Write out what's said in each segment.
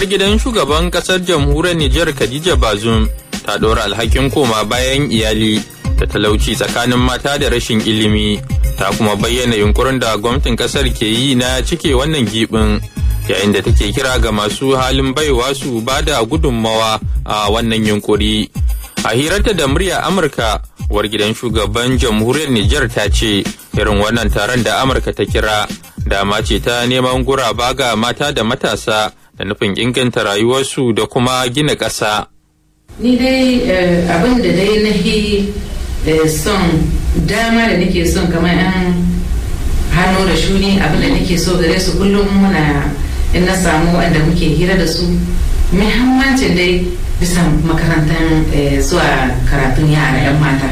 war gidan shugaban kasar jamhuriyar Nijar Khadija Bazoum ta dora alhakin koma bayan iyali da talauci tsakanin mata da rashin ilimi ta kuma bayyana yunkurin da gwamnatin kasar ke yi na cike wannan gibin yayin da take kira ga masu halin baiwa su ba da gudunmawa a wannan yunkuri a hirarta da murya amurka uwar gidan shugaban jamhuriyar nijar ta ce irin wannan taron da amurka ta kira dama ce ta neman guraba ga mata da matasa da nufin inganta rayuwarsu da kuma gina ƙasa. Ni dai eh, abin da dai nahi eh, son dama da nake son kamar yan hannu da shuni abin da nake so gare su kullum muna in na samu wanda muke hira da su muhimmancin dai bisa makarantar eh, zuwa karatun yara 'yan mata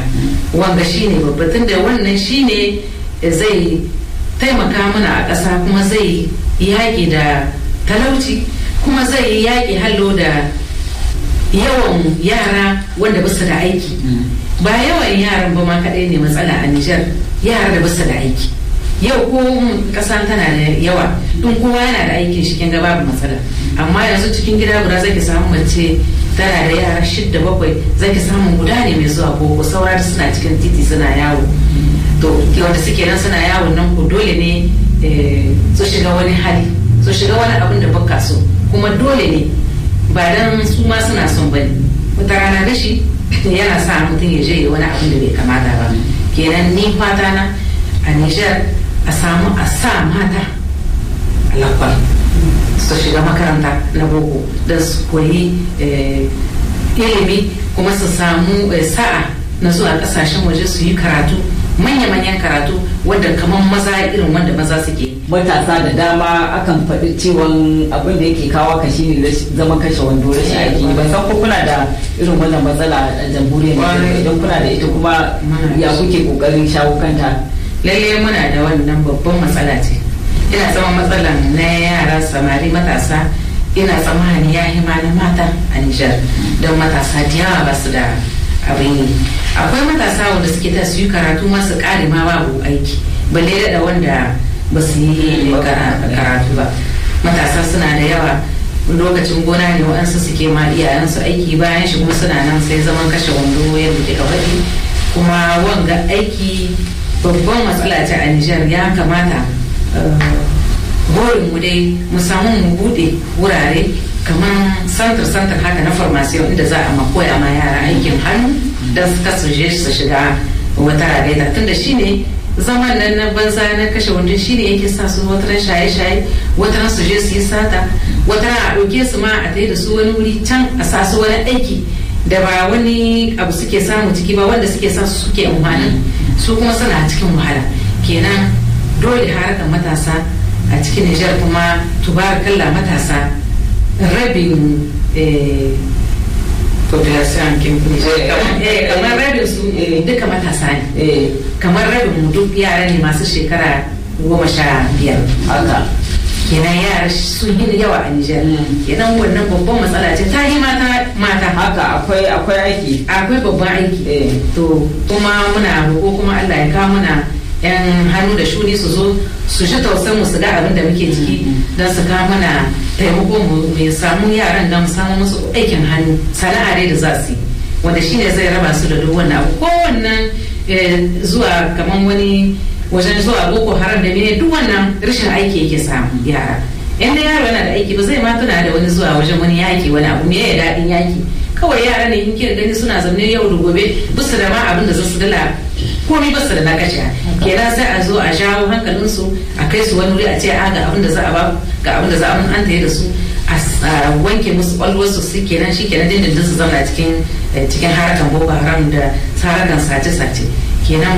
wanga shine babbatun da wannan shine zai taimaka mana a ƙasa kuma zai yaƙi da talauci kuma zai yi yaƙi hallo da yawan yara wanda basu da aiki ba yawan yaran ba ma kaɗai ne matsala a Nijar yara da basu da aiki yau ko ƙasa tana da yawa in kowa yana da aikin shi gaba babu matsala amma yanzu cikin gida guda zaki samu mace tana da yara shidda bakwai zaki samu guda ne mai zuwa boko saura da suna cikin titi suna yawo to wanda suke nan suna yawon nan ku dole ne eh, su shiga wani hali su shiga wani abin da baka so kuma dole ne ba dan su ma suna son ne wata rana rashi yana sa mutum ya je wani abin da bai kamata ba kenan ni fata na a Nijar a samu a sa mata lakwal su shiga makaranta na boko don su koyi eh, ilimi kuma su samu eh, sa'a na zuwa kasashen waje su yi karatu manya-manyan karatu wanda kamar maza irin wanda maza suke matasa da dama akan faɗi cewa abin da yake kawo ka shine zama kashe wando rashin eh, aiki ban san ko kuna da irin wannan matsala a jamhuriyar idan kuna da ita kuma ya kuke kokarin shawo kanta lalle muna da wannan babban matsala ce ina zama matsalan na yara samari matasa ina tsammanin ya yi na mata a Nijar don matasa da yawa ba su da abin yi akwai matasa wanda suke ta su karatu masu kare ma babu aiki balle da wanda ba su yi karatu ba matasa suna da yawa lokacin gona ne wa'ansu suke ma iyayensu aiki bayan shi kuma suna nan sai zaman kashe wando yadda kika faɗi kuma wanga aiki babban matsala ce a Nijar ya kamata eh, mu dai mu samu mu bude wurare kamar santar santar haka na farmasiyon inda za a makoya ma yara aikin hannu da suka suje su shiga wata tun tunda shi ne zaman nan na banza na kashe wanda shi ne yake sa su wata shaye-shaye wata su je su yi sata wata a ɗauke su ma a tai da su wani wuri can a sa su wani aiki da ba wani abu suke samu ciki ba wanda suke sa su suke wahala su kuma suna cikin wahala kenan dole harkar matasa a cikin Nijar kuma tubarakalla matasa rabin population kin kamar rabin su duka matasa ne kamar rabin mu duk yara ne masu shekara goma sha biyar kenan yara sun yi yawa a Nijar kenan wannan babban matsala ce ta yi mata mata haka akwai akwai aiki akwai babban aiki to kuma muna roƙo kuma Allah ya ka muna yan hannu da shuni su zo su ji tausan mu su ga abin da muke ciki don su ka muna. taimako mu samu yaran nan mu samu musu aikin hannu sana'a dai da za su yi wanda shine zai raba su da duk wani abu kowannan eh, zuwa kaman wani wajen zuwa boko haram da mene duk wannan rashin aiki yake samu yara in da yaro yana da aiki ba zai ma tuna da wani zuwa wajen wani yaki wani abu me ya daɗin yaki kawai yara ne in kira gani suna zaune yau da gobe basu da ma abin da za su dala komai basu da nakasha kenan sai a zo a shawo hankalinsu a kai su wani wuri a ce a ga abin da za a ba ga abin da za a mun an da su a wanke musu kwallon su nan shi kenan da su zauna cikin eh, cikin harakan boko haram da harakan sace-sace kenan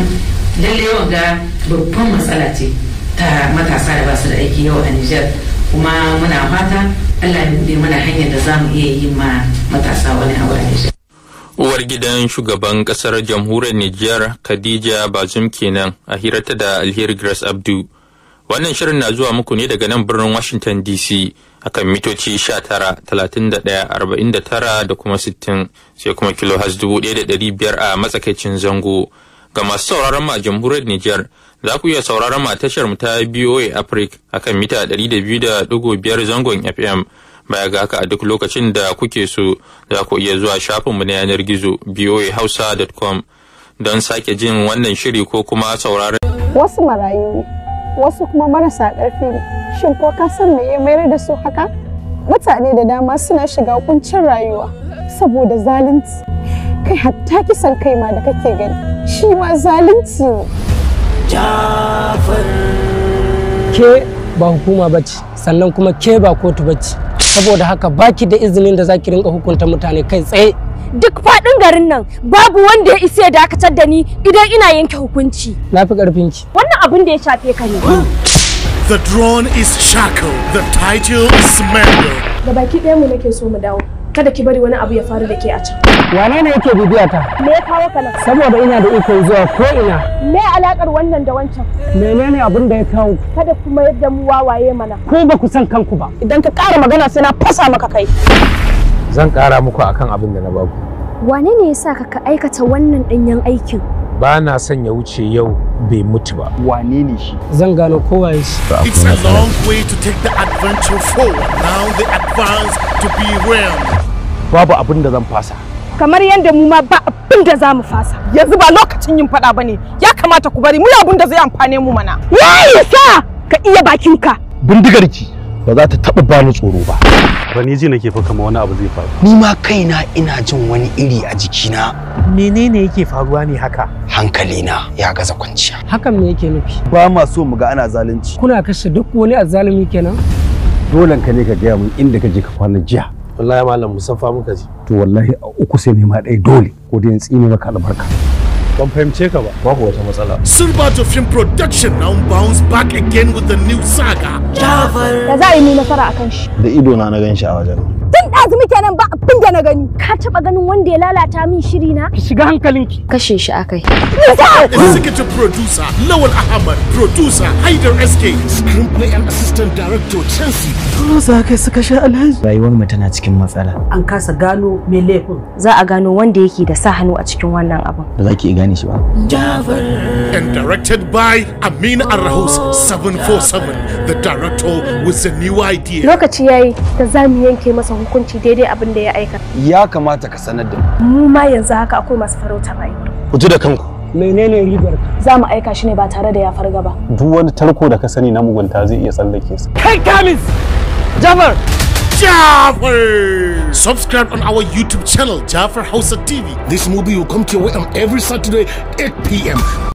lalle yawan ga babban matsala ce ta matasa da basu da aiki yau a Nijar kuma muna fata Allah yi ma matasa Uwar gidan shugaban kasar jamhuriyar Nijar Khadija Bazum kenan a hirarta da Alheri Grace Abdu. Wannan shirin na zuwa muku ne daga nan birnin Washington DC akan mitoci 19,39,49 da kuma 60 sai kuma kilo 1500 a matsakaicin zango. Ga masu sauraron ma jamhuriyar Nijar Za ku iya sauraron tashar mu ta BOA Africa akan mita 200.5 zangon FM. Baya ga haka a duk lokacin da kuke so za ku iya zuwa shafin mu na yanar gizo boahausa.com don sake jin wannan shiri ko kuma sauraron. Wasu marayu wasu kuma marasa ƙarfi shin ko ka san me ya mayar da su haka? Mutane da dama suna shiga kuncin rayuwa saboda zalunci. Kai hatta kisan kai ma da kake gani shi ma zalunci ne. ke ba hukuma bace sannan kuma ke ba kotu bace saboda haka baki da izinin da zaki rinka hukunta mutane kai tsaye duk faɗin garin nan babu wanda ya isa ya dakatar da ni idan ina yanke hukunci na fi ki wannan abin da ya shafe ka ne the drone is shackled the title is mangled da baki ɗaya mu nake so mu dawo kada ki bari wani abu ya faru da ke a can. Wane ne yake bibiya ta? Me ya kawo kana? Saboda ina da ikon zuwa ko ina. Me alakar wannan da wancan? Menene abin da ya kawo? Kada kuma yadda mu wawaye mana. Ko ba ku san kanku ba. Idan ka ƙara magana sai na fasa maka kai. Zan ƙara muku akan abin da na baku. Wane ne yasa ka ka aikata wannan ɗanyen aikin? Ba na son ya wuce yau bai mutu ba. Wane ne shi? Zan gano kowa ya shi. It's a long way to take the adventure forward. Now the advance to be realm. babu abin da zan fasa kamar yadda mu ma ba abin da za mu fasa yanzu ba lokacin yin faɗa bane ya kamata ku bari mu yi abin da zai amfane mu mana yayi sa ka iya bakinka bindigar ki ba za ta taɓa bani tsoro ba rani ji nake fa kamar wani abu zai faru ni ma kaina ina jin wani iri a jikina menene yake faruwa ne haka hankalina ya gaza kwanciya hakan me yake nufi ba ma so mu ga ana zalunci kuna kashe duk wani azzalumi kenan dolan ka ne ka gaya mun inda ka je ka kwana jiya wallahi malam musaffa muka ji to wallahi a uku sai ne ma dai dole ko dai tsine maka albarka ban fahimce ka ba babu wata matsala to Film Production now bounce back again with the new saga Jafar da za a yi nasara akan shi da ido na na gan shi a wajen tun ɗazu muke na gani. Ka taɓa ganin wanda ya lalata min shiri na? Ki shiga hankalinki. Kashe shi akai. Executive producer Lawal Ahmad, producer Haidar SK, screenplay and assistant director Chelsea. za kai suka sha alhaji. Rayuwar mu tana cikin matsala. An kasa gano me laifin. Za a gano wanda yake da sa hannu a cikin wannan abin. Ba za ki gane shi ba. And directed by Amina Arahus 747, the director with a new idea. Lokaci yayi da za mu yanke masa hukunci daidai abin da ya aikata. ya kamata ka sanar da mu ma yanzu haka akwai masu farauta rayuwar ku ji da kanku menene ribar za mu aika shi ne ba tare da ya farga ba duk wani tarko da ka sani na mugunta zai iya tsallake su kai kamis jafar jafar Subscribe on our YouTube channel, jafar Hausa TV. This movie will come to your way on every Saturday, 8 p.m.